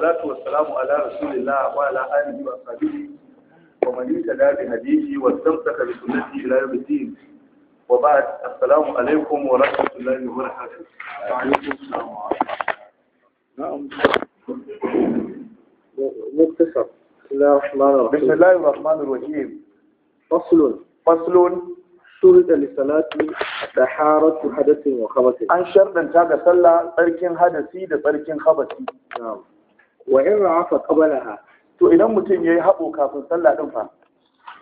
wa ala wa sahbihi wa man ittaba bi hadihi wa istamsaka bi sunnati ila yawm al-din wa ba'd assalamu alaykum wa rahmatullahi wa barakatuh wa alaykum assalam wa rahmatullahi wa barakatuh Suri da da An sharɗanta ga sallah tsarkin hadasi da tsarkin kabasin. wa in rafa qablaha to idan mutum yayi haɓo kafin sallah din fa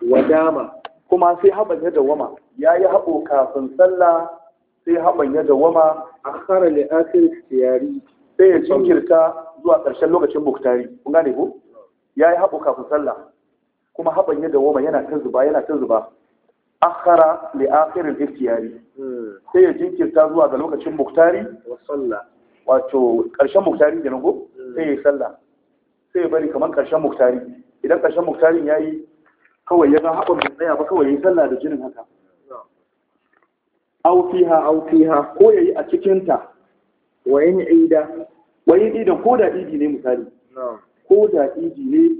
wa dama kuma sai haban ya dawama yayi kafin sallah sai haban ya dawama akhara li akhir tiyari sai ya cinkirta zuwa ƙarshen lokacin buktari kun gane ko yayi haɓo kafin sallah kuma haban ya dawama yana ta zuba yana ta zuba akhara li akhir al hmm. sai ya jinkirta zuwa ga lokacin buktari wa sallah wato ƙarshen buktari kenan ko sai ya salla, sai ya bari kamar ƙarshen muktari idan ƙarshen muktarin ya yi kawai ya ga haɓar da tsaya ba kawai ya yi salla da jinin haka aufiha aufiha ko ya yi a cikinta wayan ida wayan idan ko da idi ne misali ko da idi ne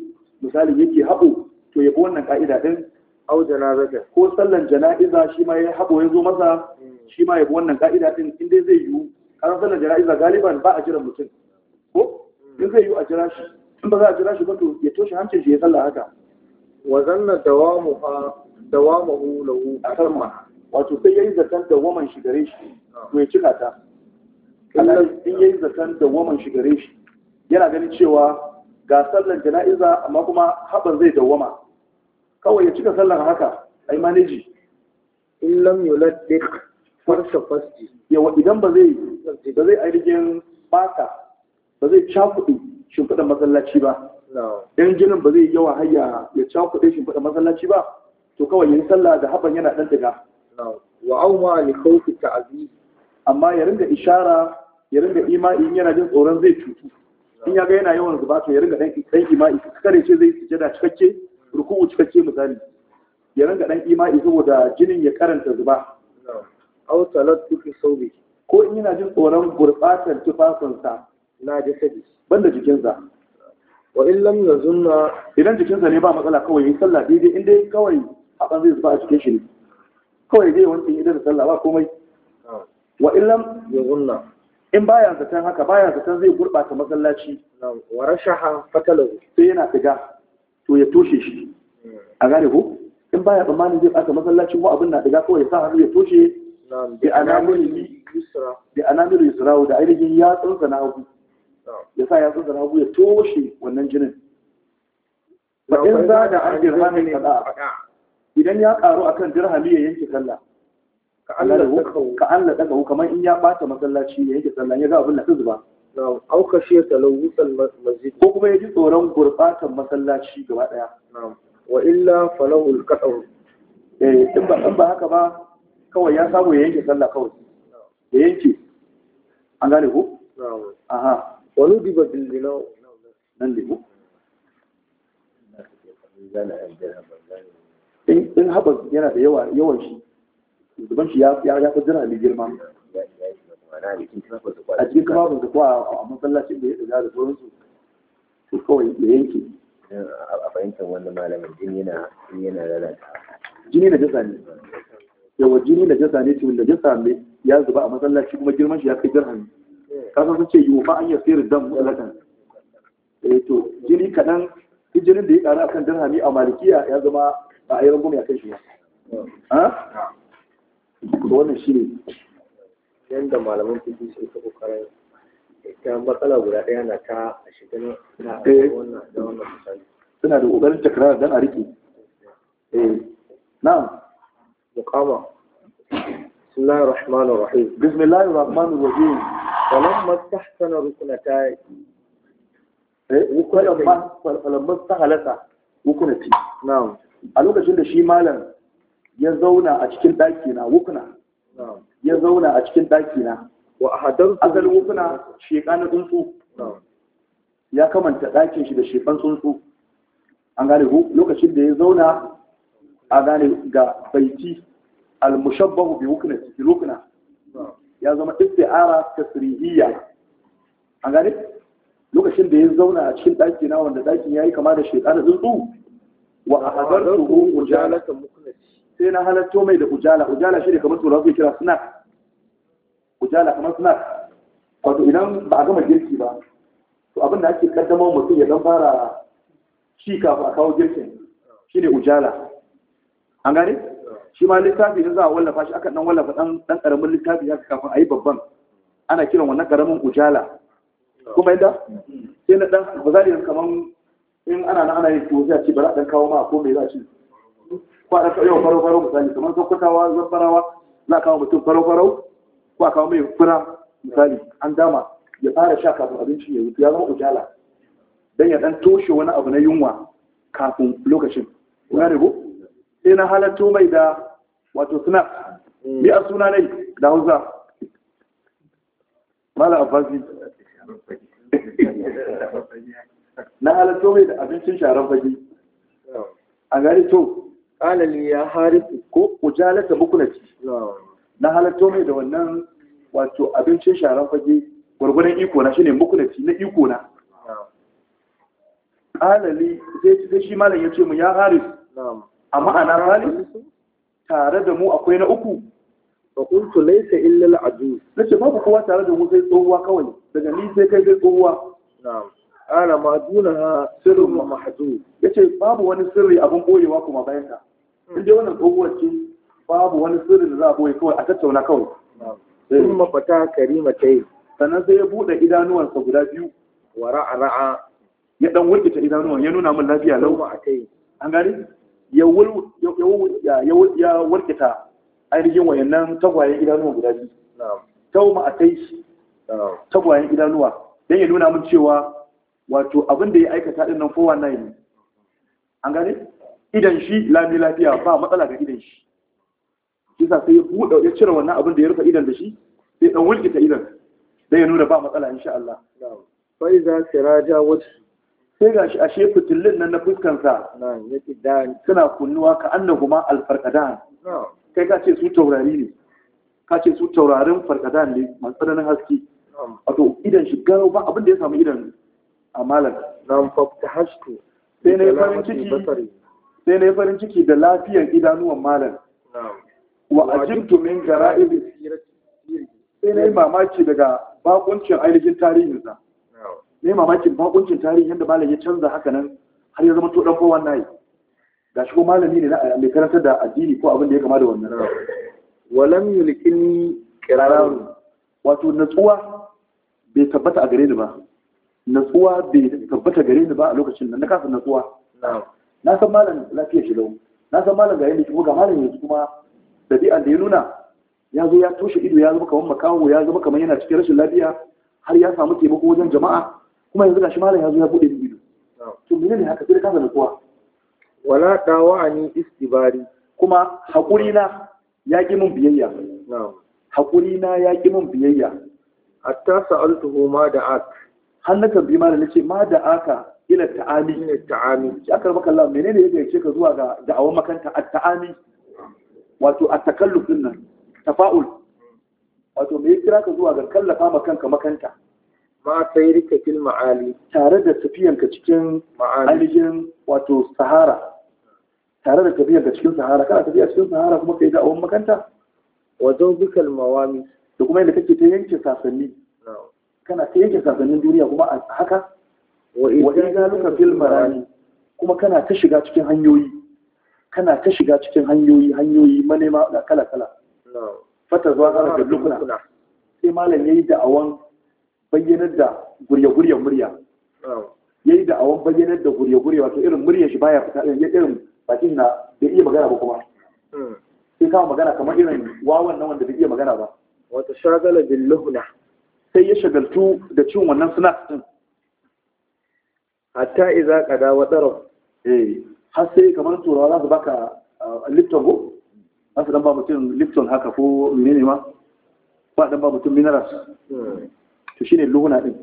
misali yake haɓo to ya bi wannan ka'ida ɗin au janaza ko sallan jana'iza shi ma ya haɓo ya zo masa hmm. shi ma ya bi wannan ka'ida ɗin in dai zai yiwu kasan sallan jana'iza galiban ba a jiran mutum ko in zai yi a jira shi in ba za a jira shi ba to ya toshe hancin shi ya sallah haka wa zanna dawamu ha dawamu lahu atamma wato sai yayi zaton dawaman shi gare shi to ya cika ta in yayi zaton dawaman shi gare shi yana ganin cewa ga sallar jana'iza amma kuma haban zai dawama kawai ya cika sallar haka ai maneji in lam yuladdiq farsa fasji yawa idan ba zai ba zai ainihin bata ba zai cakuɗe shimfiɗa masallaci ba Ɗan jinin ba zai yawa hanya ya cakuɗe shimfiɗa masallaci ba to kawai yin sallah da haban yana ɗan daga. wa auma li ta ta'zi amma ya ringa ishara ya ringa ima'i in yana jin tsoron zai cutu in ya ga yana yawan zuba to ya ringa ɗan dan ima'i kare ce zai sujada cikakke rukuku cikakke misali ya ringa ɗan ima'i saboda jinin ya karanta zuba aw salatu fi sauri. ko in yana jin tsoron gurɓatar tufafinsa na jasadi banda jikinsa wa illan lam yazunna idan jikinsa ne ba matsala kawai yin sallah daidai inda dai kawai hakan zai zuba a cikin shi ne kawai zai wanke idan da sallah ba komai wa illan. lam yazunna in baya zaton haka baya zaton zai gurɓata masallaci wa rashaha fatalahu sai yana tiga to ya toshe shi a gane ko in baya tsammanin zai bata masallaci ko abin na tiga kawai ya sa hannu ya toshe bi anamiru yusra da ainihin yatsunsa na hagu ya sa ya tsotsa ya toshe wannan jinin Ba in za da an dirhamin fada idan ya karu kan dirhami ya yanke sallah ka Allah daga hu kamar in ya bata masallaci ya yanke sallah ya ga abin da zuba au kashiya talawusan masjid ko kuma ya ji tsoron gurbatan masallaci gaba daya wa illa falahu alqatr eh in ba ba haka ba kawai ya samu ya yanke sallah kawai ya yanke an gane ku? aha wani diba bildina nan da in haɓar yana da yawa yawan shi zuban shi ya ya fi jira mai girma a cikin kamafin da kuwa a masallacin da ya ɗaga da sauransu to kawai da yanke a fahimtar wannan malamin jini yana yana lalata jini na jasa ne yawa jini na jasa ne cikin da jasa ne ya zuba a masallaci kuma girman shi ya kai jirhan kasan sun ce yiwu yufa an yasirin dan mutlakan eh to jini kaɗan hijirin da ya ƙara akan dirhami a malikiya ya zama a ayyar rangume a kai shi ba ha wannan shi ne yadda malaman fiki sun ta kokarin ita matsala guda ɗaya na ta a shekarun na eh. wannan da wannan misali suna da ƙoƙarin takarar don a riƙe eh. na'am muqama بسم الله الرحمن الرحيم بسم الله فلما استحسن ركنتاي فلما استحلس a lokacin da shi malam ya zauna a cikin ɗaki na wukuna ya zauna a cikin ɗaki na wa ahadar azal wukuna sheka tsuntsu ya kamanta ɗakin shi da shekan tsuntsu an gane lokacin da ya zauna a gane ga baiti al-mushabbahu bi wukuna ya zama isti'ara tasrihiyya A gane lokacin da ya zauna a cikin ɗaki na wanda ɗakin yayi kama da shaytan tsuntsu wa a ahdartuhu ujalatan muknati sai na halatto mai da ujala ujala shi ne kamar tsoron zai kira snack ujala kamar snack wato idan ba a gama girki ba to abin da ake kaddama mutum ya dan fara shi kafin a kawo girkin ne ujala an gane shi ma littafi da za a wallafa shi aka dan wallafa dan dan karamin littafi haka kafin ayi babban ana kiran wannan karamin ujala kuma inda sai na dan bazali kaman in ana na ana yin to sai a ci bara dan kawo ma ko me za a ci ko a ɗauka yau faro farau misali kamar sakkwatawa farawa za a kawo mutum faro faro ko a kawo mai fura misali an dama ya fara sha kafin abinci ya wuce ya zama ujala dan ya dan toshe wani abu na yunwa kafin lokacin kuna ne sai na halatto mai da wato suna bi mm. a suna ne da hausa mala abbazi na halatto mai da abincin sharan fage a gari to alali ya hari ko kujalata bukunaci na halatto mai da wannan wato abincin sharan fage gwargwadon iko na shine bukunaci na iko na alali zai shi malam ya ce mu ya harifu a ma'anar rani? tare da mu akwai na uku fa qultu laisa illa al'adu Na ce babu kowa tare da mu sai tsohuwa kawai daga ni sai kai sai tsohuwa na'am ana ma dunaha sirrun Ya ce babu wani sirri abun boyewa kuma bayan ka hmm. in dai wannan tsohuwar ce babu wani sirri da za a boye kawai a tattauna kawai sun mafata karima ta yi sannan sai ya buɗe idanuwansa guda biyu wa ra'a ra'a ya dan wurgita idanuwan ya nuna min lafiya lau an gani ya warkita ainihin wayannan tagwayen idanuwa guda biyu tau ma a kai shi tagwayen idanuwa don ya nuna min cewa wato abin da ya aikata din nan 419 ne an gane idan shi lami lafiya ba matsala ga idan shi kisa sai ya buɗe ya cire wannan abin da ya rufe idan da shi sai dan wulkita idan don ya nuna ba matsala insha Allah Faiza, iza siraja sai a ashe fitillin nan na fuskansa suna kunnuwa ka ma alfarkadan kai ka ce su taurari ne ka ce su taurarin farkadan ne masu tsananin haske wato idan shi gano ba abin da ya samu idan a malam nan fafta sai na yi farin ciki sai na yi farin ciki da lafiyar idanuwan malam wa ajibtu min gara'ib sai na yi mamaki daga bakuncin ainihin tarihinsa ne mamakin bakuncin tarihin yadda malam ya canza haka nan har ya zama to dan kowa nayi ga shi ko malami ne na mai karantar da addini ko abin da ya kama da wannan rawa walam yulqini qiraru wato natsuwa bai tabbata a gare ni ba natsuwa bai tabbata gare ni ba a lokacin nan na kasa natsuwa na san malam lafiya shi lau na san malam ga yanda kuma ga malam yanzu kuma dabi'an da ya nuna ya zo ya toshe ido ya zama kamar makawo ya zama kamar yana cikin rashin lafiya har ya samu taimako wajen jama'a kuma yanzu gashi malam ya zo ya bude min ido to ne haka sai ka sanin kuwa wala ani istibari kuma hakuri na ya ki mun biyayya hakuri na ya ki mun biyayya hatta sa'altuhu ma da ak har na kan malam nace ma da aka ila ta'ami ila ta'ami ki akar maka Allah menene yake gaice ka zuwa ga da'awan makanta at-ta'ami wato at-takalluf din nan tafa'ul wato me ya kira ka zuwa ga kallafa makanka makanta ma sayrika fil ma'ali tare da tafiyanka cikin ma'alijin wato sahara tare da tafiyanka cikin sahara kana tafiya cikin sahara kuma kai da awon makanta wa zawbikal mawami da kuma yadda kake ta yanke sasanni kana ta yanke sasannin duniya kuma a haka wa idaluka fil marani kuma kana ta shiga cikin hanyoyi kana ta shiga cikin hanyoyi hanyoyi manema kala kala fata zuwa kala da lukuna sai malam yayi da'awan bayyanar da gurye-gurye murya ya yi da'awan bayyanar da gurye-gurye wato irin murya shi baya fita ya irin bakin na da iya magana ba kuma hmm. sai kawo magana kamar irin wawan na wanda bai iya magana ba wata shagala bin luhuna sai ya shagaltu da cin wannan suna din hatta iza kada wa tsaro eh har sai kamar turawa za su baka ah, lipton ko za su dan ba mutum lipton haka ko menene ma ba dan ba mutum minerals hmm. to shine luhuna din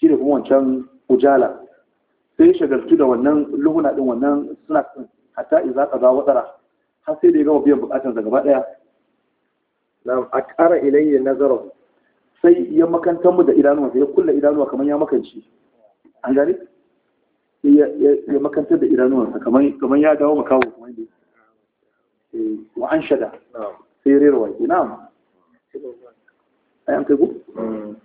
shine kuma wancan ujala sai shagaltu da wannan luhuna din wannan snack ɗin, hatta ka qada wadara har sai da ya gama biyan bukatar da gaba daya A ƙara ilayya nazaro sai ya makantar mu da idanuwa sai ya kulla idanuwa kamar ya makanci an gane ya makantar da idanuwa kamar ya dawo makawo kamar eh, wa an shada sai rera wa ina ma ai kai ku mm.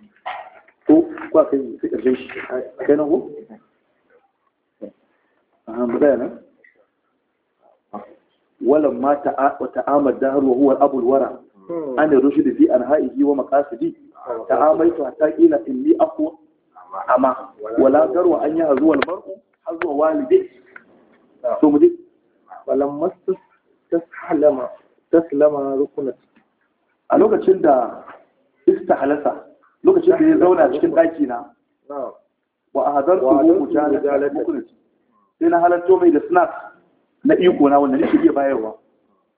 ko kwa kai sai karshen shi kai nan ko aha mu tsaya nan hmm. a lokacin da istahlasa lokacin da ya zauna cikin ɗaki na wa a hazar tuhu sai na halatto mai da snack na iko na wanda nake iya bayarwa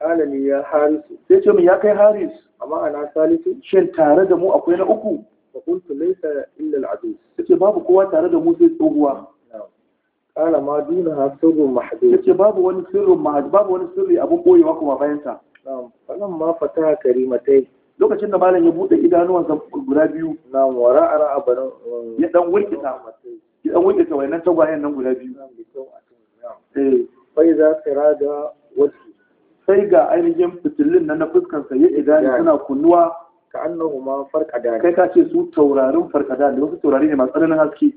alani ya harisu sai ce min ya kai haris amma ana salisu shin tare da mu akwai na uku fa kuntu laysa illa sai babu kowa tare da mu sai tsohuwa kala ma duna ha mahdud babu wani sirrin mahdud babu wani sirri abun boyewa kuma bayan sa ma fataha karimatai lokacin da malam ya bude idanuwansa guda biyu na wara ara abarin um, ya dan wurkita ya dan wurkita wayannan tagwayen nan guda biyu eh fa iza sirada wajhi sai ga ainihin fitilin nan na fuskarsa ya idani suna kunnuwa ka annahu ma farqada kai ka ce su taurarin farqada ne wasu taurari ne masu tsananin haske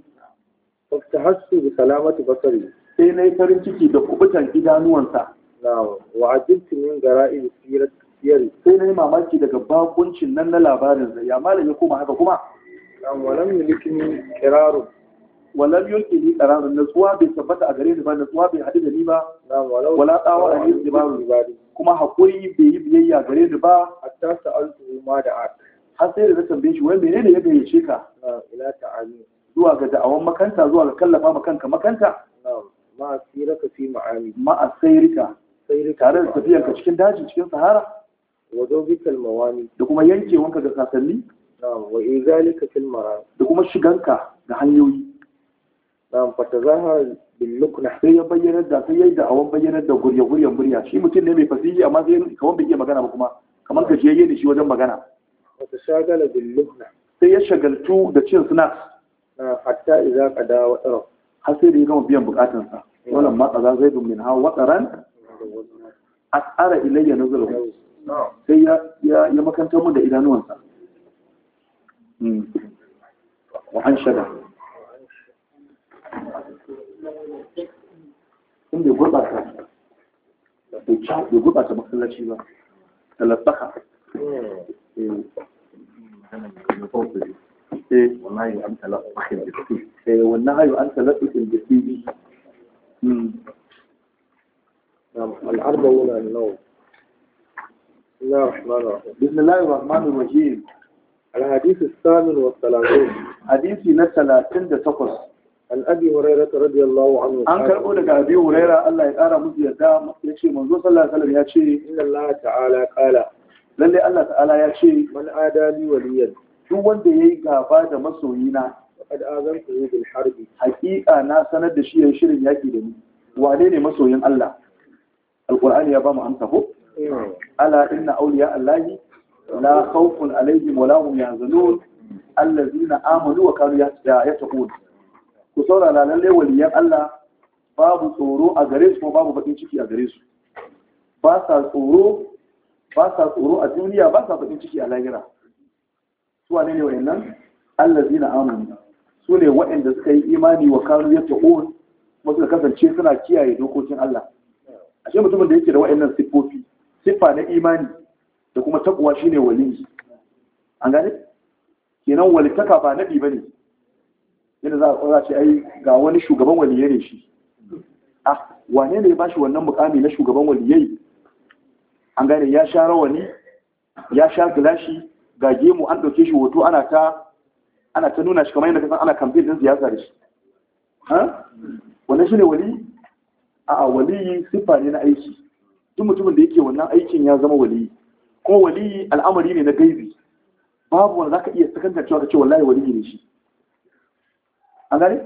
fastahassu bi salamati basari sai nayi farin ciki da kubutan idanuwansa na wa ajibtu min gara'il sirat sai na yi mamaki daga bakuncin nan na labarin zai ya malam ya koma haka kuma walam yulikini kirarun walam kirarun na tsuwa bai tabbata a gare ni ba tsuwa bai hadu da ni ba wala tsawa a ni zibarun kuma hakuri bai yi biyayya gare ni ba an su ma da ak har sai da na tambaye shi wai menene ya gayyace ka ila ta'ani zuwa ga da'awan makanta zuwa ga kallafa kanka makanta ma'asirika fi ma'ani ma'a tare da tafiyanka cikin daji cikin sahara wa zawbikal mawani da kuma yankewanka ga kasanni na'am wa izalika fil mara. da kuma shiganka ga hanyoyi na'am fa tazahara bil lukna sai ya bayyana da sai yayi da awan bayyana da gurya gurya murya shi mutum ne mai fasihi amma sai kawan bai iya magana ba kuma kamar ka jiyayye ne shi wajen magana wa tashagala bil lukna sai ya shagaltu da cin snacks hatta idza qada wa taraf har sai da ya gama biyan bukatunsa wannan matsa za zai min ha wataran asara ilayya nazaru sai ya makantar mu da idanuwansa wa'an shada inda gurɓata bai gurɓata masallaci ba talabbaka والنهي عن تلقح بالفيل والنهي عن تلقح بالفيل العرض هنا النوم بسم الله الرحمن الرحيم بسم الله الرحمن الرحيم الحديث الثامن والثلاثون حديث نسلاتين دتقص عن أبي هريرة رضي الله عنه عن كربو لك أبي هريرة الله يتعالى مزي يدام يشي منذ صلى الله عليه وسلم يشي إن الله تعالى قال للي الله تعالى يشي من آدى لي وليا شو وند يجا بعد مسوينا قد آذنته بالحرب حقيقة ناس ندشي يشير يجي دني وعليه مسوين الله القرآن يا بام أنت هو ala inna auliya allahi la khawfun alaihim wa la hum yahzanun allazina amanu wa kanu yattaqun ku la lalle waliyan Allah babu tsoro a gare su ko babu bakin ciki a gare su ba sa tsoro ba sa tsoro a duniya ba sa bakin ciki a lahira su wane ne wayannan allazina amanu su ne waɗanda suka yi imani wa kanu yattaqun kuma suka kasance suna kiyaye dokokin Allah ashe mutumin da yake da wayannan siffofi siffa na imani da kuma shi shine wali an gane kenan walitaka ba nabi ne. yadda za a ce ai ga wani shugaban waliyai ne shi a ah, wane ne ba shi wannan mukami na shugaban waliyai an gane ya sha rawani ya sha gilashi ga gemu an ɗauke shi hoto ana ta ana ta nuna shi kamar yadda kasan ana kamfe ɗin siyasa da shi wannan shi ne wali a waliyi siffa ne na aiki duk mutumin da yake wannan aikin ya zama waliyi kuma waliyi al'amari ne na gaibi babu wanda zaka iya sakanta cewa kace wallahi waliyi ne shi an gane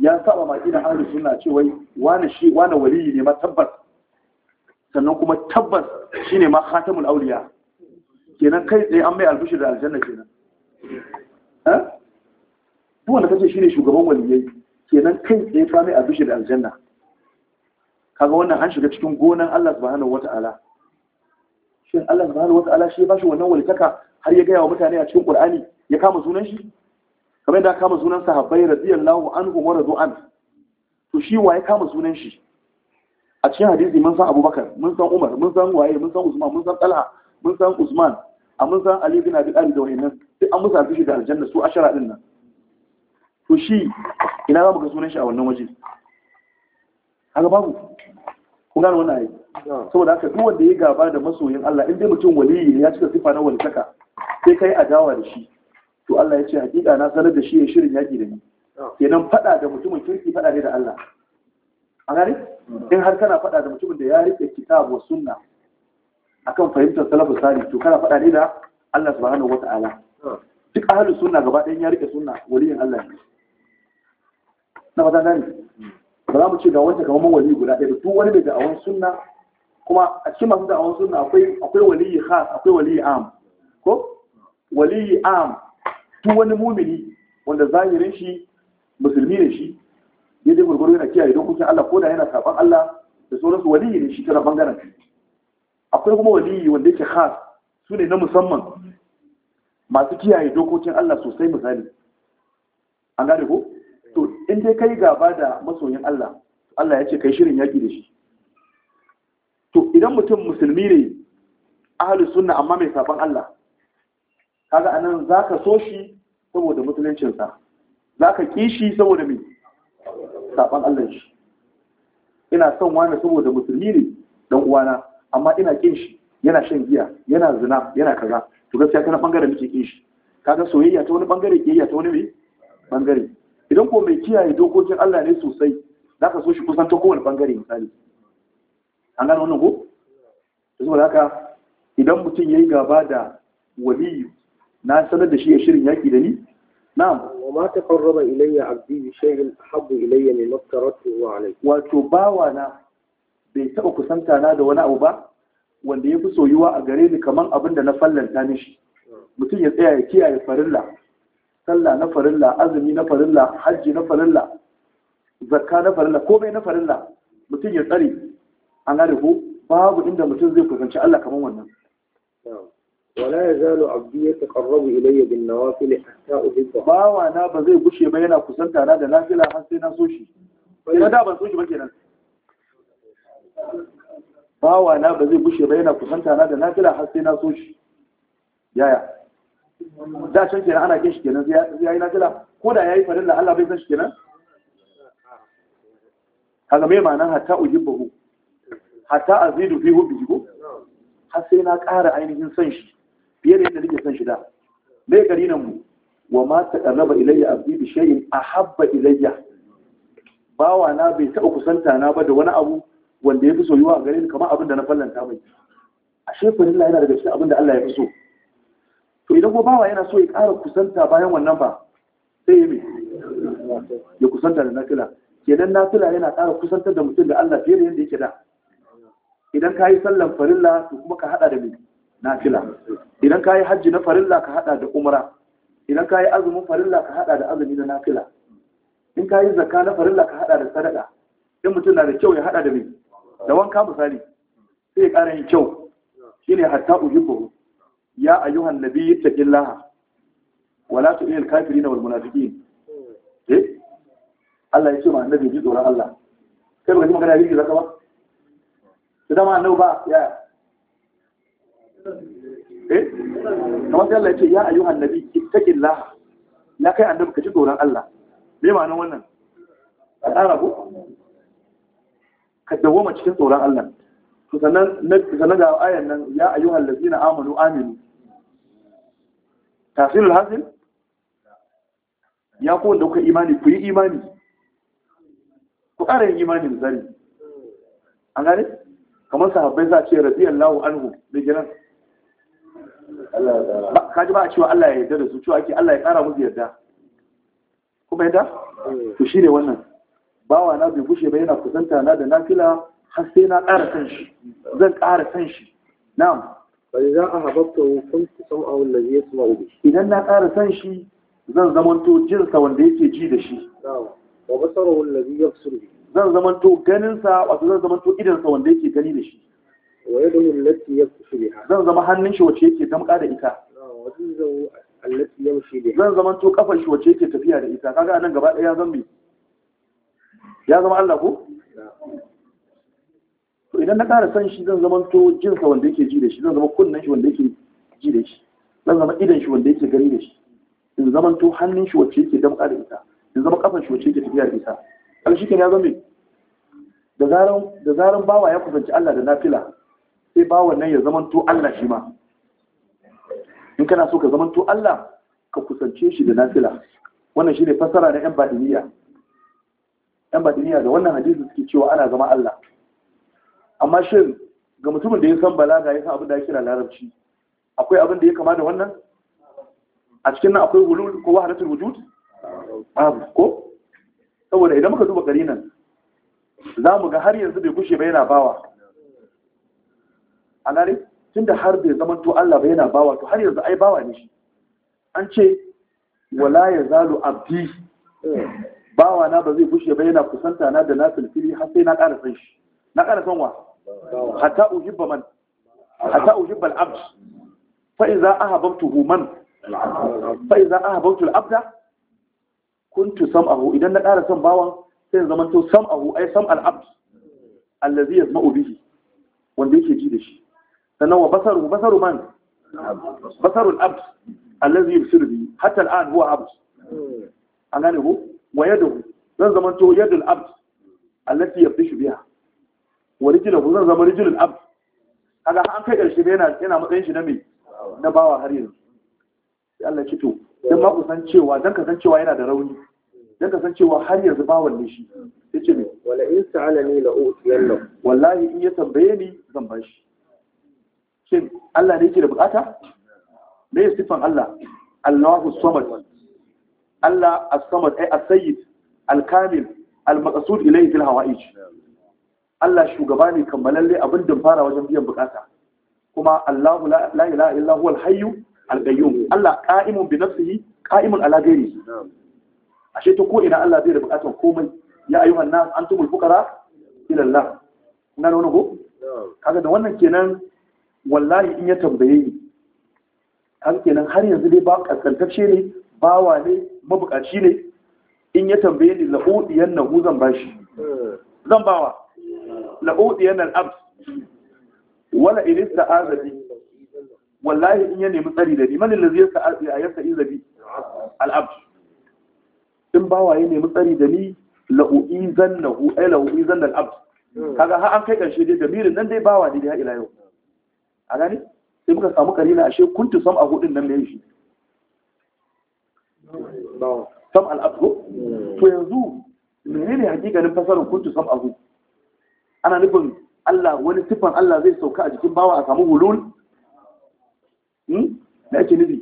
ya saba ma ina ahlus sunna ce wai wani shi wani waliyi ne ma tabbas sannan kuma tabbas shine ma khatamul awliya kenan kai tsaye an mai albushi da aljanna kenan eh duk wanda kace shine shugaban waliyai kenan kai tsaye ka mai albushi da aljanna kaga wannan an shiga cikin gonan Allah subhanahu wata'ala shin Allah subhanahu wata'ala shi ya bashi wannan walitaka har ya gaya wa mutane a cikin Qur'ani ya kama sunan shi kamar yadda kama sunan sahabbai radiyallahu anhu wa radu an to shi wa ya kama sunan shi a cikin hadisi mun san Abubakar mun san Umar mun san waye mun san Usman mun san Talha mun san Usman a mun san Ali bin Abi Talib da nan, sai an musa shi da aljanna su ashara din nan to shi ina za mu ga sunan shi a wannan waje kaga babu kun gano wannan aiki. saboda haka duk wanda ya gaba da masoyin Allah in dai mutum waliyi ne ya cika sifa na walitaka sai kai adawa da shi to Allah ya ce hakika na sanar da shi ya shirin yaki da ni kenan fada da mutumin kirki fada ne da Allah an gane mm. in har kana fada da mutumin da ya rike kitabu wa sunna akan fahimtar salafus salih to kana fada ne da Allah subhanahu wataala duk ahlus sunna gaba ɗayan ya rike sunna waliyin Allah ne na fata gane mm. ba za mu ce ga wanda kamar wali guda ɗaya duk wani mai da'awar sunna kuma a cikin masu da'awar sunna akwai akwai waliyi khas akwai waliyi am ko waliyi am duk wani mumini wanda zahirin shi musulmi ne shi dai gurgurdu yana kiyaye dokokin Allah ko da yana saban Allah da sauransu waliyi ne shi tana bangaren akwai kuma waliyi wanda yake khas su ne na musamman masu kiyaye dokokin Allah sosai misali an gane ko in dai kai gaba da masoyin Allah Allah ya ce kai shirin yaki da shi to idan mutum musulmi ne ahlus sunna amma mai saban Allah kaga anan zaka so shi saboda musuluncin sa zaka ki shi saboda me saban Allah shi ina son wani saboda musulmi ne dan uwana amma ina kin shi yana shan giya yana zina yana kaza to gaskiya kana bangaren muke kin shi kaga soyayya ta wani bangare kiyayya ta wani me bangare idan ko mai kiyaye dokokin Allah ne sosai za ka so shi kusan ta kowane bangare misali an gano wannan ko da haka idan mutum ya yi gaba da waliyu na sanar da shi ya shirin yaƙi da ni na'am wa ma ilayya abdi bi shay'in habbu ilayya mimma wa alayhi wato bawa na bai taɓa kusanta na da wani abu ba wanda ya fi soyuwa a gare ni kamar abin da na fallanta mishi hmm. mutum ya tsaya ya kiyaye farilla sallah na farilla azumi na farilla hajji na farilla zakka na farilla komai na farilla mutum ya tsare an gane ko babu inda mutum zai kusanci Allah kamar wannan ولا ya عبدي يتقرب الي بالنوافل حتى احبه باوا نا ba zai gushe ba yana kusanta na da nafila har sai na so shi ba da ban so shi ba kenan bawa na ba zai gushe ba yana kusanta na da nafila har sai na so shi yaya da can kenan ana kin shi kenan sai yi nafila ko da yayi farilla Allah bai san shi kenan kaga me ma'anar hatta uhibbu hatta azidu fi hubbihi ko har sai na ƙara ainihin san shi fiye da yadda nake san shi da me karinan mu wa ma taqarraba ilayya abdi bi shay'in ahabba ilayya bawa na bai taɓa kusanta na ba da wani abu wanda ya fi soyuwa a gare ni kamar abin da na fallanta mai ashe farilla yana daga cikin abin da Allah ya fi so idan ko bawa yana so ya ƙara kusanta bayan wannan ba sai ya ya kusanta da nafila kenan nafila yana ƙara kusantar da mutum da Allah fiye da yadda yake da idan ka yi sallan farilla to kuma ka hada da mai nafila idan ka yi hajji na farilla ka hada da umara idan ka yi azumin farilla ka hada da azumi na nafila in ka yi zakka na farilla ka hada da sadaka in mutum na da kyau ya hada da mai da wanka misali sai ya ƙara yin kyau shine hatta uhibbu ya ayyuhan nabi ittaqillaha wala tu'il kafirin wal munafiqin eh Allah ya ce ma annabi ji tsoron Allah kai ba ji magana yake zaka ba da dama annabi ba ya eh kamar sai ya ce ya ayyuhan nabi ittaqillaha ya kai annabi ka ji tsoron Allah me ma'anar wannan a tsara ko ka dawoma cikin tsoron Allah to sannan sannan da nan ya ayyuhal ladina amanu aminu tasirul hasil ya kowanne kuka imani ku yi imani ku ƙara yin imanin zari an gane kamar sahabbai za a ce lawo anhu da jiran kaji ba a cewa Allah ya yarda da su cewa ake Allah ya ƙara musu yarda kuma yarda eh. su shi ne wannan bawa na bai bushe ba yana kusanta na da nafila har sai na ƙara san shi zan ƙara san shi na'am فإذا أحببته كنت سمعه الذي يسمع به إذا لا قال سنشي zan zamanto jinsa wanda yake ji da shi wa basarahu alladhi yabsuru bi zan zamanto ganinsa wato zan zamanto idansa wanda yake gani da shi wa yaduhu allati yabsuru biha zan zama hannun shi wacce yake damka da ita wa rijluhu allati yamshi biha zan zamanto kafar shi wacce yake tafiya da ita kaga nan gaba zan bi ya zama Allah ko to idan na ƙara san shi zan zama to jinsa wanda yake ji da shi zan zama kunnen shi wanda yake ji da shi zan zama idan shi wanda yake gani da shi in zama to hannun shi wacce yake damƙa da ita in zama kafan shi wacce yake tafiya da ita kan shi ya zama da zaran da zaran bawa ya kusanci Allah da nafila sai bawan nan ya zama to Allah shi ma in kana so ka zama to Allah ka kusance shi da nafila wannan shi ne fassara na yan badiniya ƴan badiniya da wannan hadisi suke cewa ana zama Allah amma shin ga mutumin da ya san balaga ya san abin da ya kira larabci akwai abin da ya kama da wannan a cikin nan akwai wulul ko wahalatul wujud babu ko saboda idan muka duba gari nan za mu ga har yanzu bai gushe ba yana bawa a gare tunda har bai zama to Allah ba yana bawa to har yanzu ai bawa ne shi an ce wala ya zalu abdi bawa na ba zai gushe ba yana kusanta na da na filfili har sai na ƙara san shi na ƙara san wa hatta uhibba man hatta uhibba al-abd fa idza ahabbtuhu man fa idza ahabbtu al-abda kuntu sam'ahu idan na ƙara son bawan sai zaman to sam'ahu ai sam al-abd allazi yasma'u bihi wanda yake ji da shi sannan wa basaru basaru man basaru al-abd allazi yubsiru bihi hatta al-an huwa abd an gane ko wa yadu zan zaman to yadu al-abd allati yabdishu biha wa rijilahu zan zama rijilul ab kaga an kai karshe ne yana matsayin shi na mai na bawa har yanzu sai Allah ce to dan ma ku san cewa dan ka san cewa yana da rauni dan ka san cewa har yanzu bawan ne shi sai ce me wala in sa'alani la utiyanna wallahi in ya tambaye ni zan bashi shin Allah ne yake da bukata me ya sifan Allah Allahu samad Allah as-samad ay as-sayyid al-kamil al-maqsud ilayhi fil hawa'ij Allah shugaba ne kammalalle abin da fara wajen biyan bukata kuma Allahu la ilaha illa huwal hayyu al qayyum Allah qa'imun bi nafsihi qa'imun ala ghairihi ashe ta ko ina Allah zai da bukatan komai ya ayyuhan nas antumul fuqara ila Allah Na wannan ko kaga da wannan kenan wallahi in ya tambaye ni kaga kenan har yanzu dai ba kaskantacce ne bawa ne mabukaci ne in ya tambaye ni la'udiyan nahu zan bashi eh. zan bawa la'udiyan al'abd wala in ista'aza bi wallahi in ya nemi tsari da bi man allazi yasta'aza bi al'abd in bawa ya nemi tsari da ni lau'i ay la'u'izanna al'abd kaga har an kai karshe dai damirin nan dai bawa ne da ila yau a gani sai muka samu karina ashe kuntu sam a hudin nan ne shi sam ko? to yanzu menene hakikanin fasarin kuntu sam a hudin ana nufin Allah wani siffan Allah zai sauka a jikin bawa a samu hulul da hmm? ake nufi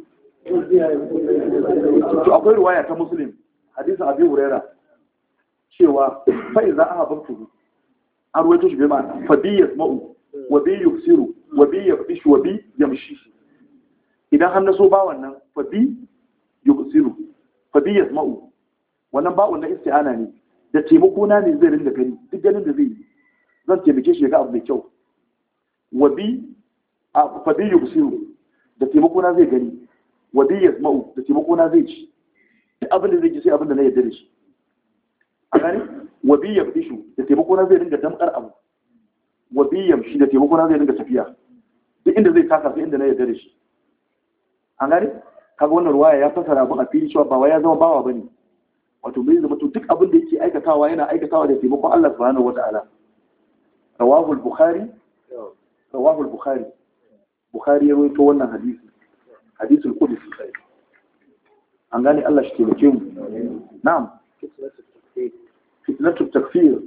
to akwai ruwaya ta musulun hadisin abi huraira cewa fa iza ahabbtu an ruwaito shi bai ma'ana fa bi yasma'u wa bi yubsiru wa bi yabishu wa bi yamshi idan hannu so ba wannan fa bi yubsiru fa bi yasma'u wannan ba'un na isti'ana ne da taimako na ne zai rinda gani duk ganin da zai yi zan taimake shi ga abu mai kyau wa bi a fabi yusiru da taimako na zai gani wa bi yasma'u da taimako na zai ci da abin da zai ji sai abin da na yarda da shi a gani wa bi yabdishu da taimako na zai dinga damkar abu wa bi yamshi da taimako na zai dinga tafiya duk inda zai kasa sai inda na yarda da shi a gani kaga wannan ruwaya ya fasara rabu a fili cewa ba wai ya zama bawa bane wato mai zama to duk abin da yake aikatawa yana aikatawa da taimakon Allah subhanahu ta'ala رواه البخاري نعم. رواه البخاري البخاري يروي تو حديث حديث القدس عن غني الله اشتبكيهم نعم فتنة التكفير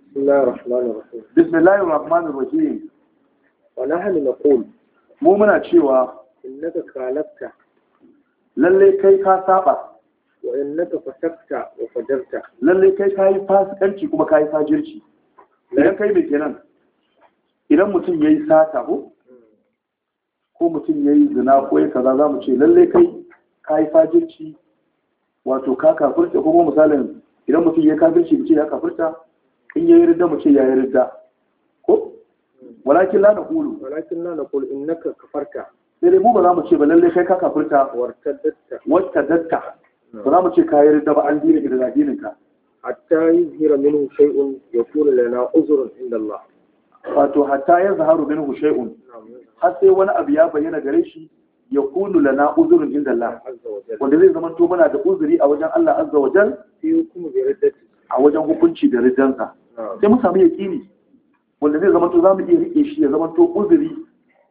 بسم الله الرحمن الرحيم بسم الله الرحمن الرحيم ونحن نقول مو منا تشيوا انك كالبت للي كي كاسابا wa innaka fasakta wa fajarta lalle kai kayi fasikanci kuma kayi fajirci idan kai mai kenan idan mutum yayi sata ko ko mutum yayi zina ko ya kaza zamu ce lalle kai kayi fajirci wato ka kafirta kuma misalin idan mutum ya kafirci mu ce ya kafirta in yayi ridda mu ce ya yi ridda ko walakin la naqulu walakin la naqulu innaka kafarta sai dai mu ba za mu ce ba lalle kai ka kafirta wartadatta wartadatta ba za mu ce ka yarda an dina ka da addinin ka hatta yuzhira minhu shay'un yakunu lana uzrun inda Allah wato hatta yazharu minhu shay'un har wani abu ya bayyana gare shi ya kunu lana uzurin wanda zai zama to muna da uzuri a wajen Allah azza wa jal a wajen hukunci da sai mu samu yaqini wanda zai zama to mu iya rike shi ya zama to uzuri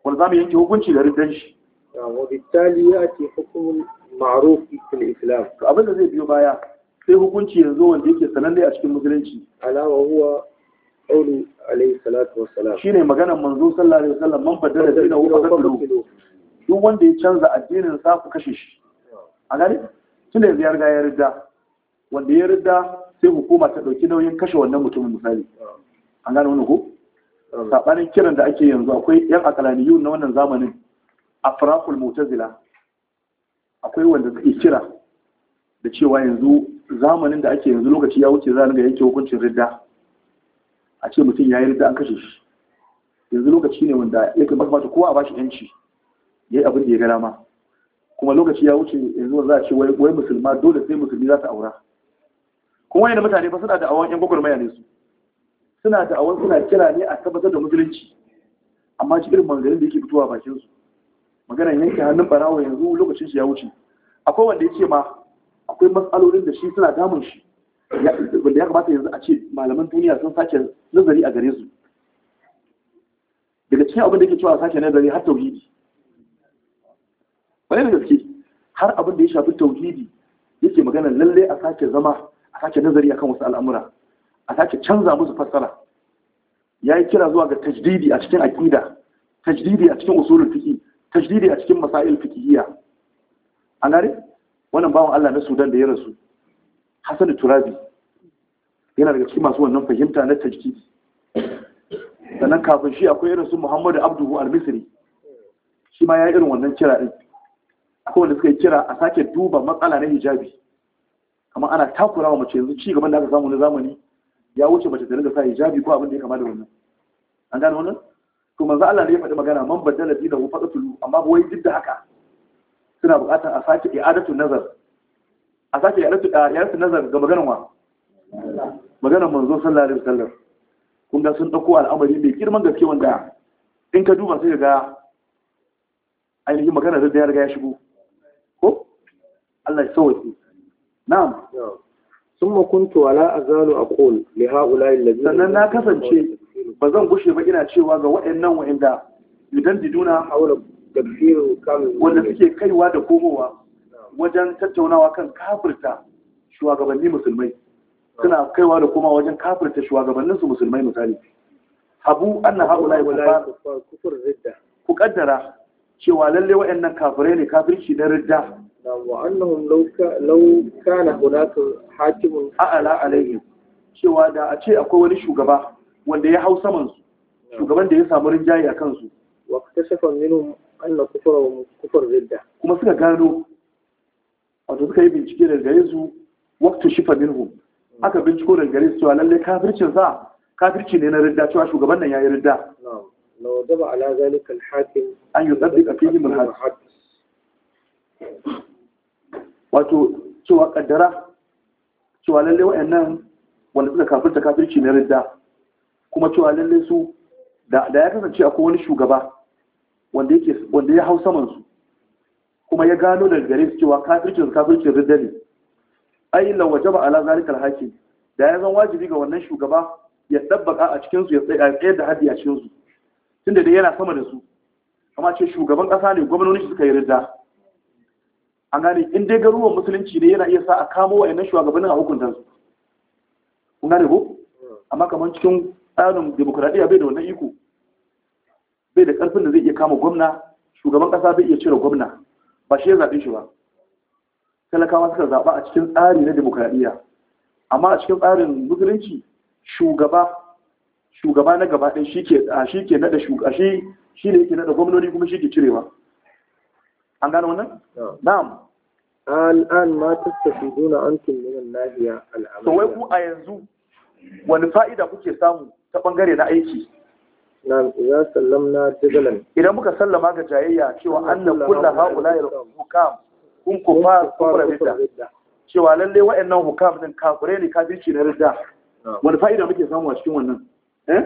wanda mu yanke hukunci da riddan shi wa ma'ruf fil islam to abin da zai biyo baya sai hukunci yanzu wanda yake sananne a cikin musulunci alawa huwa qawli alayhi salatu wassalam shine maganar manzo sallallahu alaihi wasallam man badala dinahu faqatlu duk wanda ya canza addinin sa ku kashe shi a gani shi ne ya riga ya ridda wanda ya ridda sai hukuma ta dauki nauyin kashe wannan mutumin misali an gane wani ko sabanin kiran da ake yanzu akwai yan akalaniyun na wannan zamanin afrakul mutazila akwai wanda suke kira da cewa yanzu zamanin da ake yanzu lokaci ya wuce za a yanke hukuncin ridda a ce mutum ya yi ridda an kashe shi yanzu lokaci ne wanda ya kamata kowa a bashi yanci ya yi abin da ya gara ma kuma lokaci ya wuce yanzu za a ce wai musulma dole sai musulmi za ta aura kuma yana mutane ba suna da awon yan gwagwarmaya ne su suna da awon suna kira ne a tabbatar da musulunci amma cikin manzarin da yake fitowa bakin su maganar yanke hannun barawa yanzu lokacin shi ya wuce akwai wanda ya ce ma akwai matsalolin da shi suna damun shi wanda ya kamata yanzu a ce malaman duniya sun sake nazari a gare su daga cikin abin da ke cewa sake nazari har tauhidi wani da gaske har abin da ya shafi tauhidi yake magana lalle a sake zama a sake nazari akan wasu al'amura a sake canza musu fassara ya yi kira zuwa ga tajdidi a cikin aƙida tajdidi a cikin usulul fiqi tajdidi a cikin masail fiqhiyya an gane wannan bawan Allah na Sudan da ya rasu Hassan Turabi yana daga cikin masu wannan fahimta na tajdidi sannan kafin shi akwai irin su Muhammadu Abduhu Al-Misri shi ma ya irin wannan kira din akwai wanda suka yi kira a sake duba matsala na hijabi amma ana takurawa mace yanzu ci gaban da aka samu na zamani ya wuce mace ta rinka sa hijabi ko abin da ya kama da wannan an gane wannan to manzo Allah ne ya faɗi magana man badala dina hu tulu, amma ba wai duk haka suna buƙatar a sake i'adatu nazar a sake i'adatu i'adatu nazar ga maganar wa maganar manzo sallallahu alaihi wasallam kun ga sun dauko al'amari mai girman gaske wanda in ka duba sai ga ainihin magana da ya riga ya shigo ko Allah ya sauke na'am kuntu wala azalu aqul li لهؤلاء الذين sannan na kasance ba zan gushe ba ina cewa ga waɗannan waɗanda idan di duna, tafsirin kamun wanda suke kaiwa da komowa wajen tattaunawa kan kafirta shugabanni musulmai suna kaiwa da komowa wajen kafirta shugabannin su musulmai misali habu anna haula ya kufur ku kaddara cewa lalle waɗannan kafirai ne kafirci na ridda wa law kana hunaka hakimun a'ala alaihim cewa da a ce akwai wani shugaba wanda ya hau saman su shugaban da ya samu rinjaye a kansu wa kashafa minhum anna kufra kufar ridda kuma suka gano wato suka yi bincike daga gare su waqtu shifa minhum aka binciko daga gare su cewa lalle kafircin sa kafirci ne na ridda cewa shugaban nan yayi ridda Na daba ala zalika al an yudabbiq fihi min hadd wato cewa kaddara cewa lalle wayannan wanda suka kafirta kafirci na ridda kuma cewa lallai su da ya kasance akwai wani shugaba wanda ya hau saman su kuma ya gano daga gare su cewa kafircin kafircin ridda ne ai la wajaba ala zalikal hakim da ya zan wajibi ga wannan shugaba ya dabbaka a cikin su ya tsaya da haddi a cikin su tunda dai yana sama da su amma ce shugaban kasa ne gwamnoni su suka yi ridda an gane in dai garuwa musulunci ne yana iya sa a kamo wa'annan shugabannin a hukunta su kun gane ko amma kamar cikin tsarin demokuraɗiyya bai da wannan iko bai da ƙarfin da zai iya kama gwamna shugaban ƙasa bai iya cire gwamna ba shi ya zaɓe shi ba talakawa suka zaɓa a cikin tsari na demokuraɗiyya amma a cikin tsarin musulunci shugaba shugaba na gaba ɗin shi ke shi ke naɗa shugaba shi shi ne yake naɗa gwamnoni kuma shi ke cirewa an gano wannan na'am al'an ma tastafiduna antum min an-nahiya al'amaliya to wai ku a yanzu wani fa'ida kuke samu ta bangare na aiki Na ya na dagalan idan muka sallama ga jayayya cewa annan kullu haƙula ya hukam kun kufa kufra bidda cewa lalle wa'annan hukam din kafure ne kafirci na ridda wani fa'ida muke samu a cikin wannan eh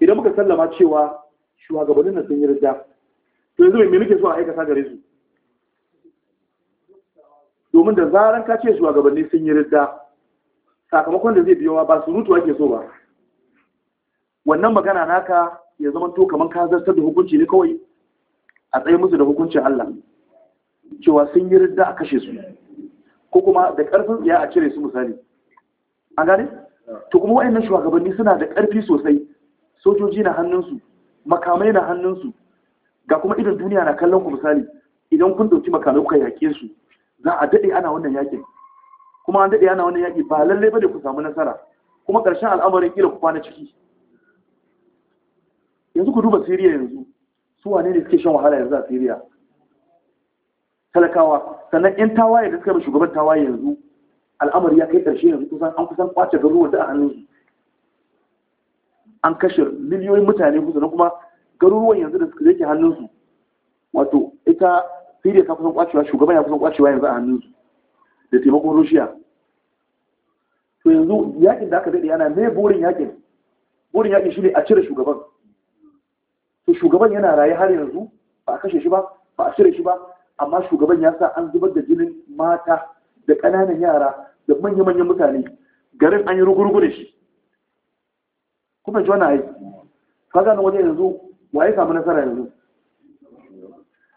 idan muka sallama cewa shugabannin na sun yi ridda to yanzu me muke so a aikata gare su domin da zaran ka ce shugabanni sun yi ridda sakamakon da zai biyowa ba surutu ake so ba wannan magana naka ya zama to kamar ka zartar da hukunci ne kawai a tsaye musu da hukuncin Allah cewa sun yi ridda a kashe su ko kuma da ƙarfin tsiya a cire su misali an gane to kuma wayannan shugabanni suna da ƙarfi sosai sojoji na hannunsu makamai na hannunsu ga kuma idan duniya na kallon ku misali idan kun ɗauki makamai kuka yaƙe su za a daɗe ana wannan yaƙin kuma an daɗe ana wannan yaƙi ba lallai ba ne ku samu nasara kuma ƙarshen al'amarin kila ku kwana ciki yanzu ku duba siriya yanzu su wane ne suke shan wahala yanzu a siriya talakawa sannan yan tawaye da suka yi shugaban tawaye yanzu al'amari ya kai ƙarshe yanzu kusan an kusan kwace garuruwan da a hannun an kashe miliyoyin mutane kusa na kuma garuruwan yanzu da suka yake su. wato ita siriya ta kusan kwacewa shugaban ya kusan kwacewa yanzu a hannun su. da taimakon rushiya to yanzu yakin da aka daɗe yana mai burin yakin burin yakin shi ne a cire shugaban shugaban yana raye har yanzu ba a kashe shi ba ba a cire shi ba amma shugaban ya sa an zubar da jinin mata da ƙananan yara da manya-manyan mutane garin an yi rugurgu da shi kuma ji wani aiki ka na waje yanzu Wa ya samu nasara yanzu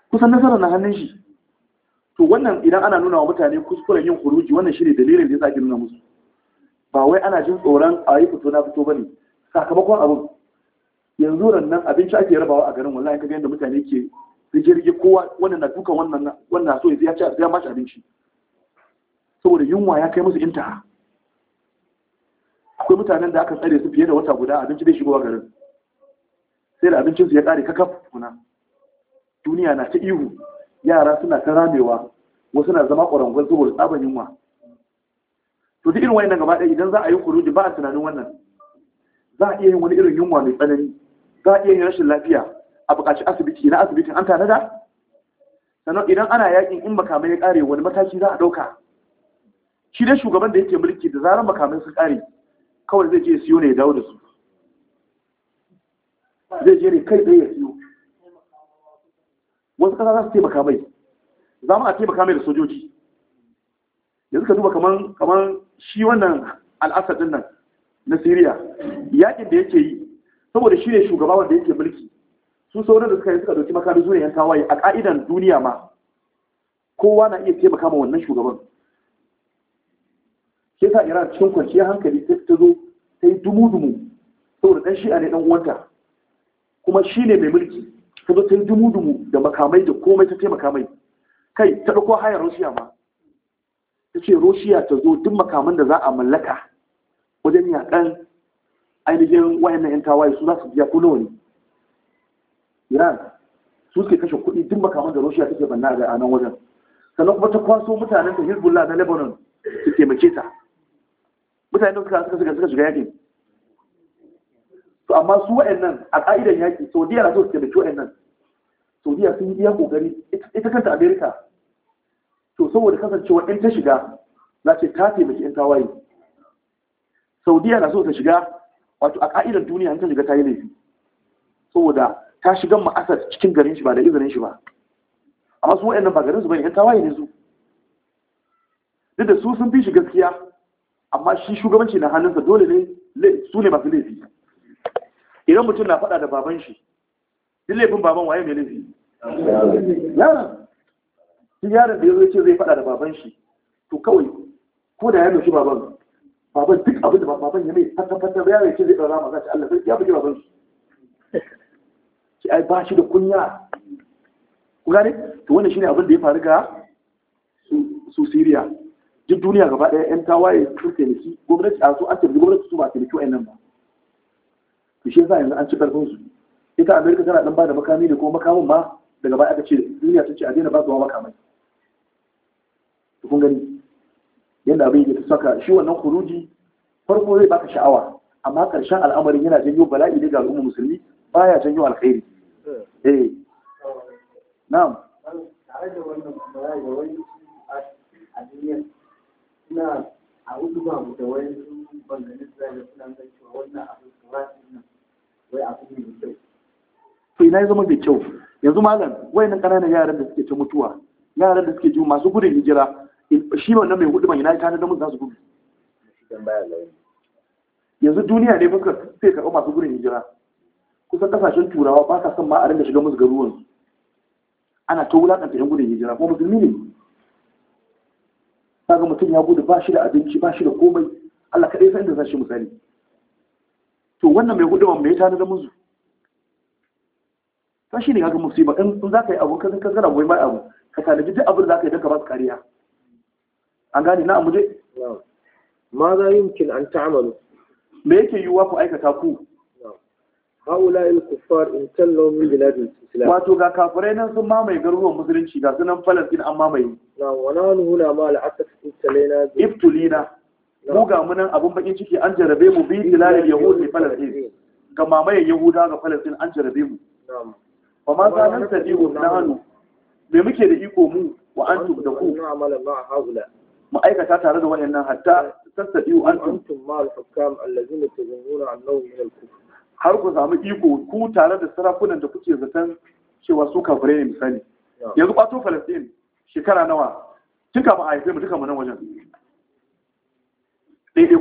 kusan nasara na hannun shi to wannan idan ana nuna wa mutane kuskuren yin kuruji wannan shi ne dalilin da ya sa ake nuna musu ba wai ana jin tsoron a yi fito na fito ba ne sakamakon abin yanzu nan abinci ake rabawa a garin wallahi kaga yadda mutane ke rigirgi kowa wannan na dukan wannan wannan so ya ci ya bashi abinci saboda yunwa ya kai musu intaha akwai mutanen da aka tsare su fiye da wata guda abinci bai shigo garin sai da abincinsu ya kare kakaf kuna duniya na ta ihu yara suna ta ramewa wasu na zama ƙwarangwar saboda tsaban yunwa to duk irin wannan gaba ɗaya idan za a yi kuruji ba a tunanin wannan za a iya yin wani irin yunwa mai tsanani za a iya yin rashin lafiya a buƙaci asibiti na asibitin an tanada sannan idan ana yakin in makamai ya ƙare wani mataki za a ɗauka shi dai shugaban da yake mulki da zarar makamai sun ƙare kawai zai je siyo ne ya dawo da su zai je ne kai tsaye ya siyo wasu kasa za su taimaka mai za mu a taimaka mai da sojoji yanzu ka duba kaman shi wannan al'asar din nan na siriya yakin da yake yi saboda shi ne shugaba wanda yake mulki su sauran da suka yi suka doki makami zuwa yan tawaye a ka'idan duniya ma kowa na iya taimaka ma wannan shugaban shi sa iran cikin kwanciyar hankali ta ta zo ta yi dumu saboda ɗan shi'a ne ɗan uwanta kuma shi ne mai mulki ta zo ta yi dumu da makamai da komai ta taimaka mai kai ta ɗauko hayar roshiya ma ta ce roshiya ta zo duk makaman da za a mallaka wajen yaƙan ainihin wayannan yan tawaye su za su biya ko nawa ne iran su suke kashe kuɗi duk makaman da russia suke banna a nan wajen sannan kuma ta kwaso mutanen ta hezbollah na lebanon su taimake ta mutane da suka suka suka shiga yakin to amma su wayannan a ka'idan yaki saudiya na so su taimaki wayannan saudiya sun yi iya kokari ita kanta america to saboda kasancewa in ta shiga za ce ta taimaki in tawaye saudiya na so ta shiga wato a ka'idar duniya an ta shiga tayi yi laifi saboda ta shiga ma'asar cikin garin shi ba da izinin shi ba amma su wa'annan ba garin su bane yan tawaye ne su duk da su sun fi shi gaskiya amma shi shugabanci na hannunsa dole ne su ne masu laifi idan mutum na faɗa da baban shi duk laifin baban waye mai laifi yaron shi yaron da ya zo ce zai faɗa da baban shi to kawai ko da ya nufi baban baban duk abin da baban ya mai fata-fata ba yare ce zai ɗaura ma zaci Allah ya buge baban su shi ai ba shi da kunya ku gane to wannan ne abin da ya faru ga su Siriya. duk duniya gaba ɗaya yan tawaye sun taimaki gwamnati a su an taimaki gwamnati su ba taimaki nan ba to shi yasa yanzu an ci karfin su ita Amerika tana dan ba da makami ne kuma makamin ma daga baya aka ce duniya sun ce a daina ba su makamai kun gani yadda abin yake saka shi wannan kuruji farko zai baka sha'awa amma karshen al'amarin yana janyo bala'i ne ga al'umma musulmi baya janyo alkhairi eh, eh. na'am tare da wannan bala'i da wani a duniya suna a hudu ba mu da wani bangane da suna zai cewa wannan abin kurasi nan wai abu ne mai kyau to ina zama mai kyau yanzu malam wayannan ƙananan yaran da suke ta mutuwa yaran da suke ji masu gudun hijira shi wannan mai hudu mai yanayi tana da mun za su gudu yanzu duniya ne muka sai karɓi masu gudun hijira kusan kasashen turawa ba sa son ma a ringa shiga musu garuwan ana ta wulaƙanta yan gudun hijira ko musulmi ne kaga mutum ya gudu ba shi da abinci ba shi da komai Allah kaɗai san inda za shi misali to wannan mai hudu mai tana da musu ta shi ne kaga ba in za ka yi abu ka zan ka mai abu ka tanaji duk abin da za ka yi don ka ba su kariya an gane na amuje ma za yumkin an ta'amalu me yake yiwuwa ku aikata ku haula il kuffar in tallo min biladin islam wato ga kafirai nan sun mamaye garuruwan musulunci ga sunan falastin an mamaye na wana ma mu ga munan abun bakin ciki an jarabe mu bi biladin yahud ne falastin ga mamayen yahuda ga falastin an jarabe mu fa ma za nan tadiu me muke da iko mu wa antum da ku ma'aikata tare da wannan hatta tattabi'u an ma al-hukam allazina an nau min al har ku samu iko ku tare da sarakunan da kuke zaton cewa su kafire ne misali yanzu kwato Falastin shekara nawa tun kafin a mu duka mu nan wajen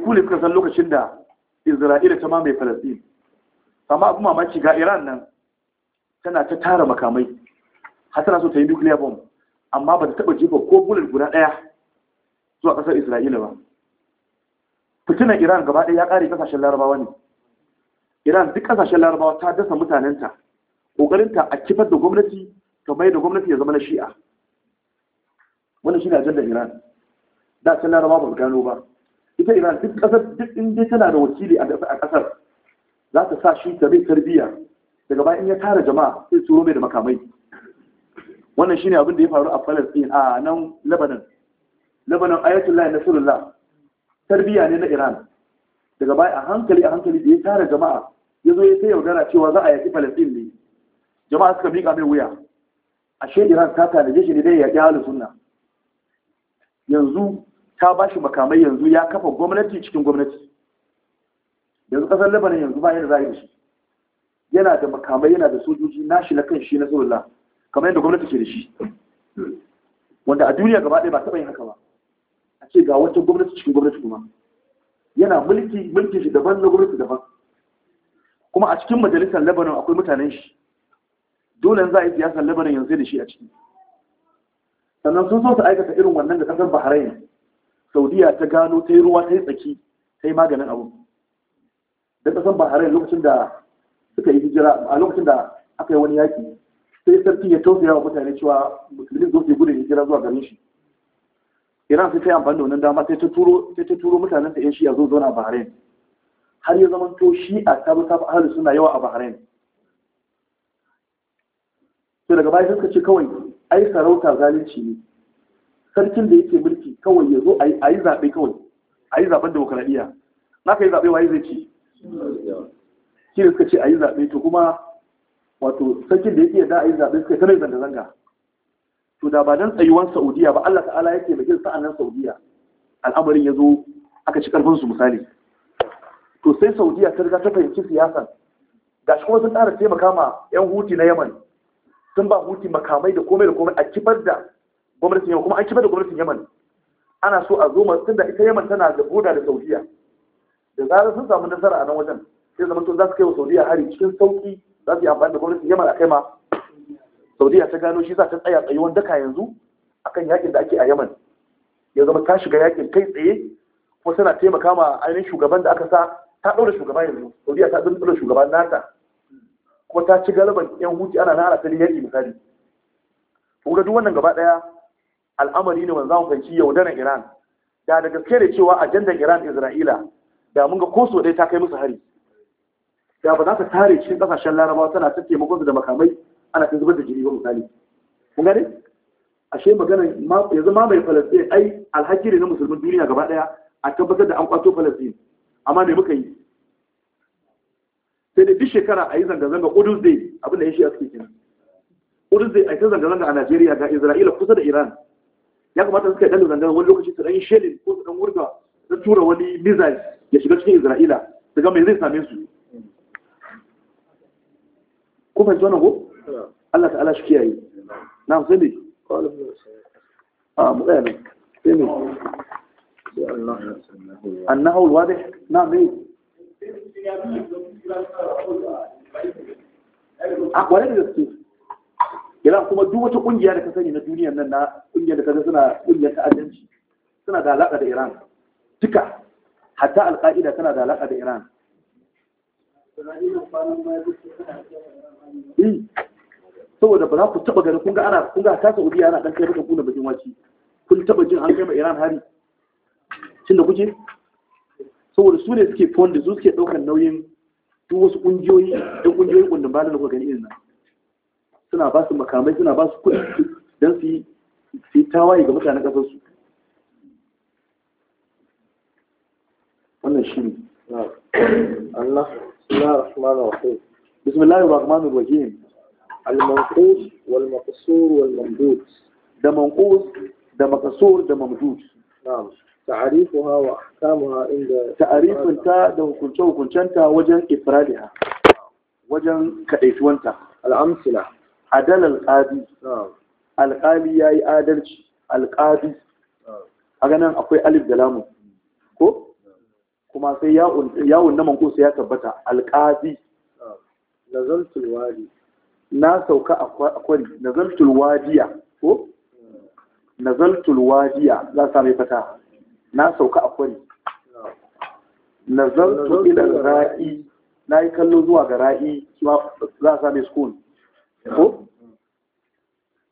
ku ne suka san lokacin da Isra'ila ta mamaye Falastin amma abin mamaki ga Iran nan tana ta tara makamai har tana so ta yi nuclear bomb amma ba ta taɓa jefa ko bullet guda ɗaya zuwa ƙasar isra'ila ba fitinan iran gaba ɗaya ya ƙare ƙasashen larabawa ne iran duk ƙasashen larabawa ta dasa mutanenta ƙoƙarinta a kifar da gwamnati ta mai da gwamnati ya zama na shi'a wannan shi ne ajandar iran da can larabawa ba gano ba ita iran duk ƙasar duk inda tana da wakili a ƙasar za ta sa shi ta mai tarbiyya daga bayan ya tara jama'a sai su mai da makamai wannan shine abin da ya faru a Palestine a nan Lebanon labanan ayatollah nasarullah tarbiya ne na iran daga baya a hankali a hankali da ya tara jama'a ya zo ya ta yaudara cewa za a yaki falastin ne jama'a suka miƙa mai wuya ashe iran ta tanaje shi ne dai yaƙi halin sunna yanzu ta ba shi makamai yanzu ya kafa gwamnati cikin gwamnati yanzu ƙasar labanan yanzu ba yadda za a yi shi yana da makamai yana da sojoji nashi na kan shi na Allah, kamar yadda gwamnati ke da shi wanda a duniya gaba ɗaya ba taɓa yin haka ba a ce ga wata gwamnati cikin gwamnati kuma yana mulki mulki shi daban na gwamnati daban kuma a cikin majalisar lebanon akwai mutanen shi dole za a yi siyasar lebanon yanzu da shi a ciki sannan sun so su aikata irin wannan da kasar bahrain saudiya ta gano ta yi ruwa ta yi tsaki ta yi maganin abu da kasar bahrain lokacin da suka yi hijira a lokacin da aka yi wani yaki sai sarki ya tausaya wa mutane cewa musulmi zo su yi gudun hijira zuwa garin shi iran sai ta yi amfani da wannan dama sai ta turo mutanen ta yan shi'a zo zauna a bahrain har ya zama to shi'a ta sabu sabu ahalu suna yawa a bahrain to daga baya suka ce kawai ai sarauta zalunci ne sarkin da yake mulki kawai ya zo a yi zaɓe kawai a yi zaɓen demokaradiyya na ka yi zaɓe waye zai ci shi suka ce a yi zaɓe to kuma wato sarkin da yake da a yi zaɓe suka yi zanga-zanga to da ba dan tsayuwan Saudiya ba Allah ta'ala ya taimake sa'an nan Saudiya al'amarin ya zo aka ci karfin su misali to sai Saudiya ta riga ta fahimci ga gashi kuma sun ƙara taimaka ma 'yan huti na Yaman sun ba huti makamai da komai da komai a kifar da gwamnatin Yaman kuma an kifar da gwamnatin Yaman ana so a zo ma tunda ita Yaman tana da boda da Saudiya da zarar sun samu nasara a nan wajen sai zama to za su kai wa Saudiya hari cikin sauki za su yi amfani da gwamnatin Yaman a kai ma saudiya ta gano shi za ta tsaya tsayuwan daka yanzu akan yakin da ake a yaman ya zama ta shiga yakin kai tsaye Kuma tana taimaka ma ainihin shugaban da aka sa ta ɗaura shugaba yanzu saudiya ta ɗaura shugaba nata kuma ta ci galiban yan huti ana nara ta yaƙi misali kun ga duk wannan gaba ɗaya al'amari ne wanda za mu fahimci yaudaran iran da da gaske da cewa ajandar iran isra'ila da mun ga koso ɗaya ta kai musu hari da ba za ta tare cikin ƙasashen larabawa tana ta taimakon su da makamai ana ta zubar da jiri ba misali kun gane ashe magana yanzu ma mai falastin ai alhaki ne na musulmin duniya gaba daya a tabbatar da an kwato falastin amma me muka yi sai da duk shekara a yi zanga-zanga udus day abinda ya shi a suke kenan udus day a yi ta zanga-zanga a najeriya ga isra'ila kusa da iran ya kamata suka yi ɗan zanga wani lokaci su ɗan shelin ko su ɗan wurga na tura wani mizal ya shiga cikin isra'ila daga mai zai same su Kuma yanzu wannan ko Allah ta'ala shi kiyaye na sai ne a mutsayana sai ne annahu alwadih na ne a kwarai da gaske ilan kuma duk wata kungiya da ka sani na duniyar nan na kungiyar da ka suna kungiyar ta'addanci suna da alaƙa da Iran duka hatta alƙa'ida tana da alaƙa da Iran saboda ba za ku taba ganin kun ga ana kun ga ta Saudi ana dan kai maka kuna bakin waci kun taba jin an kai ba Iran hari tunda kuke saboda su ne suke fond su suke daukar nauyin duk wasu kungiyoyi da kungiyoyi kundin ba da kuka gani irin nan suna ba su makamai suna ba su kuɗi dan su yi su yi tawaye ga mutanen kasar su wannan shi ne Allah Bismillahir Rahmanir Rahim al-manqus wal da manqus da maqsur da mamdud na'am da hukunce hukuncenta wajen ifradiha wajen kadaituwanta al-amsila adal al-qadi alqali yayi adalci alqadi a ganin akwai alif da lamun ko kuma sai yawon na mankusa ya tabbata alƙadi na sauka a kwari nazaltul wadiya ko nazaltul wadiya za a mai fata na sauka a kwari nazaltu ila ra'i na yi kallo zuwa ga ra'i za a mai sukun ko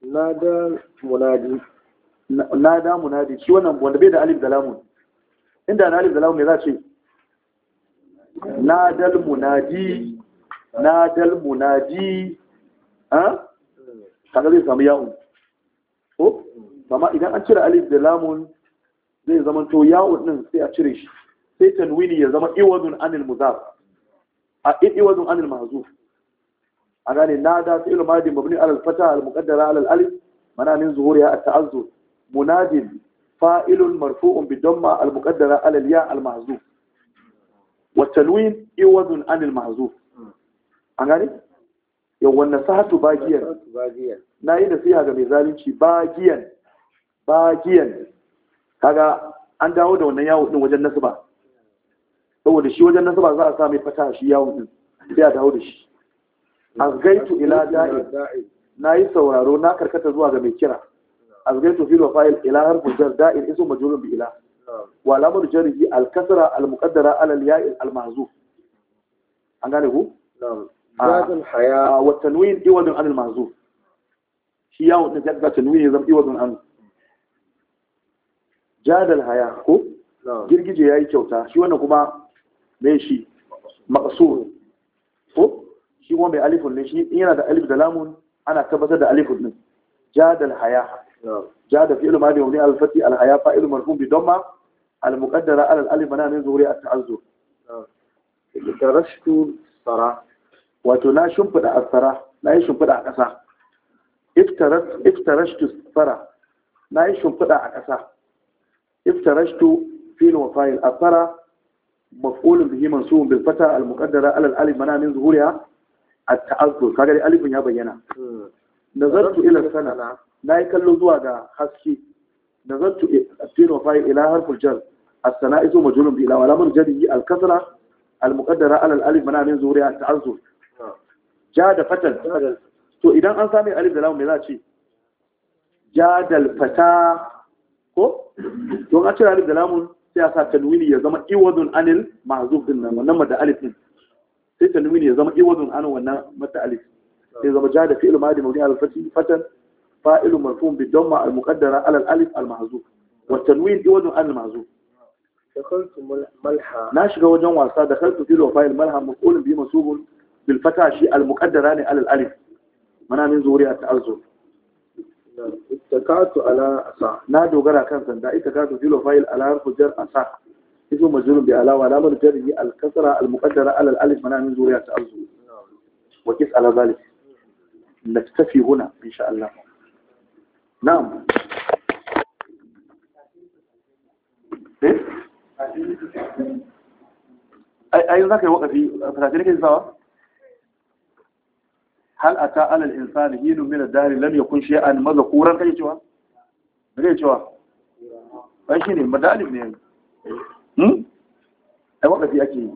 nada munadi nada munadi shi wannan wanda bai da alif da lamun inda na alif da lamun me za ce nadal munadi nadal munadi kaga zai samu ya'un ko amma idan an cire alif da lamun zai zama to ya'un din sai a cire shi sai tanwini ya zama iwadun anil muzaf a iwadun anil mahzuf a gane da fi'il madi mabni ala al-fata al-muqaddara ala al-alif mana min zuhuriha at-ta'azzur munadin fa'ilun marfu'un bi damma al-muqaddara ala al-ya al-mahzuf wa tanwin iwadun anil mahzuf an gane yau wannan sahatu bagiyan na yi nasiha ga mai zalunci bagiyan bagiyan kaga an dawo da wannan yawon din wajen nasaba saboda shi wajen nasaba za a sa mai fata shi yawon din sai a dawo da shi azgaitu ila da'i na yi sauraro na karkata zuwa ga mai kira azgaitu fil fayil ila harfu jar da'in iso majrurun bi ila wa lamar jarhi al kasra al muqaddara ala an gane ku zazal haya wa tanwin iwadun anil mahzuf shi ya wanda jadda tanwin ya zama iwadun an jadal haya ko girgije ya yi kyauta shi wannan kuma mai shi maqsur ko kuma mai alifun ne shi yana da alif da lamun ana tabbatar da alifun din jadal haya jada fi'il madi mabni al fati al haya fa'il marfu al wato na shimfida asara na yi shimfida a ƙasa iftarashtu fara na yi shimfida a ƙasa iftarashtu fil wa fa'il asara maf'ulun bihi mansubun bil fata al muqaddara ala al alif mana min at ta'azzur kaga dai alifin ya bayyana hmm. nazartu ila sana na yi kallo zuwa ga haske nazartu fil wa fa'il ila harful jar as-sana'izu majrurun bi ila wa lamar jarihi al kasra al muqaddara ala al alif mana min zuhuriha at ta'azzur ja da fatan to idan an sami alif da lamu me za a ce jadal fata, ko don a cire alif da lamun sai a sa tanwini ya zama iwadun anil mahzuf din nan wannan mata alif din sai tanwini ya zama iwadun an wannan mata alif sai zama ja da fi'il madi mabni al fati fatan fa'ilun marfu'un bi damma al muqaddara ala al alif al mahzuf wa tanwin iwadun an al mahzuf na shiga wajen wasa da kaltu filo fa'il malha maf'ulun bi masubun بالفتح شيء المقدران يعني على الألف منا من زوري التأذر اتكات على أسا نادو غرا كان سندا اتكات جلو فايل على الفجر جر أسا اسم مجرور بألا ولا من جره الكسرة المقدرة على الألف منا من زوري التأذر وقس على ذلك نكتفي هنا إن شاء الله نعم إيه؟ أي أي ذاك الوقت في ثلاثين كيف hal ata alal insan hinun min ad-dar lam yakun shay'an mazkura kai cewa kai cewa ai shine madalib ne hmm ai wakafi ake yi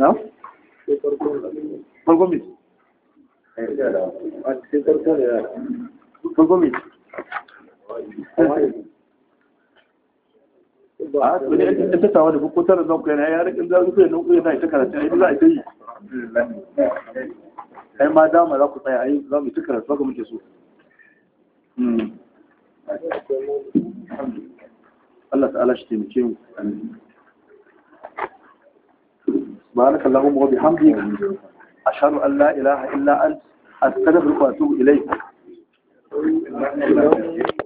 na farko mai farko mai wani in ta tawa da ko tara zan kuya ya rikin zan kuya nan kuya na ita karatu ai za a ta yi ai ma dama za ku tsaya ai za mu ita karatu ba muke so hmm. Allah ta'ala shi taimake mu سبحانك اللهم وبحمدك أشهد أن لا إله إلا أنت أستغفرك وأتوب إليك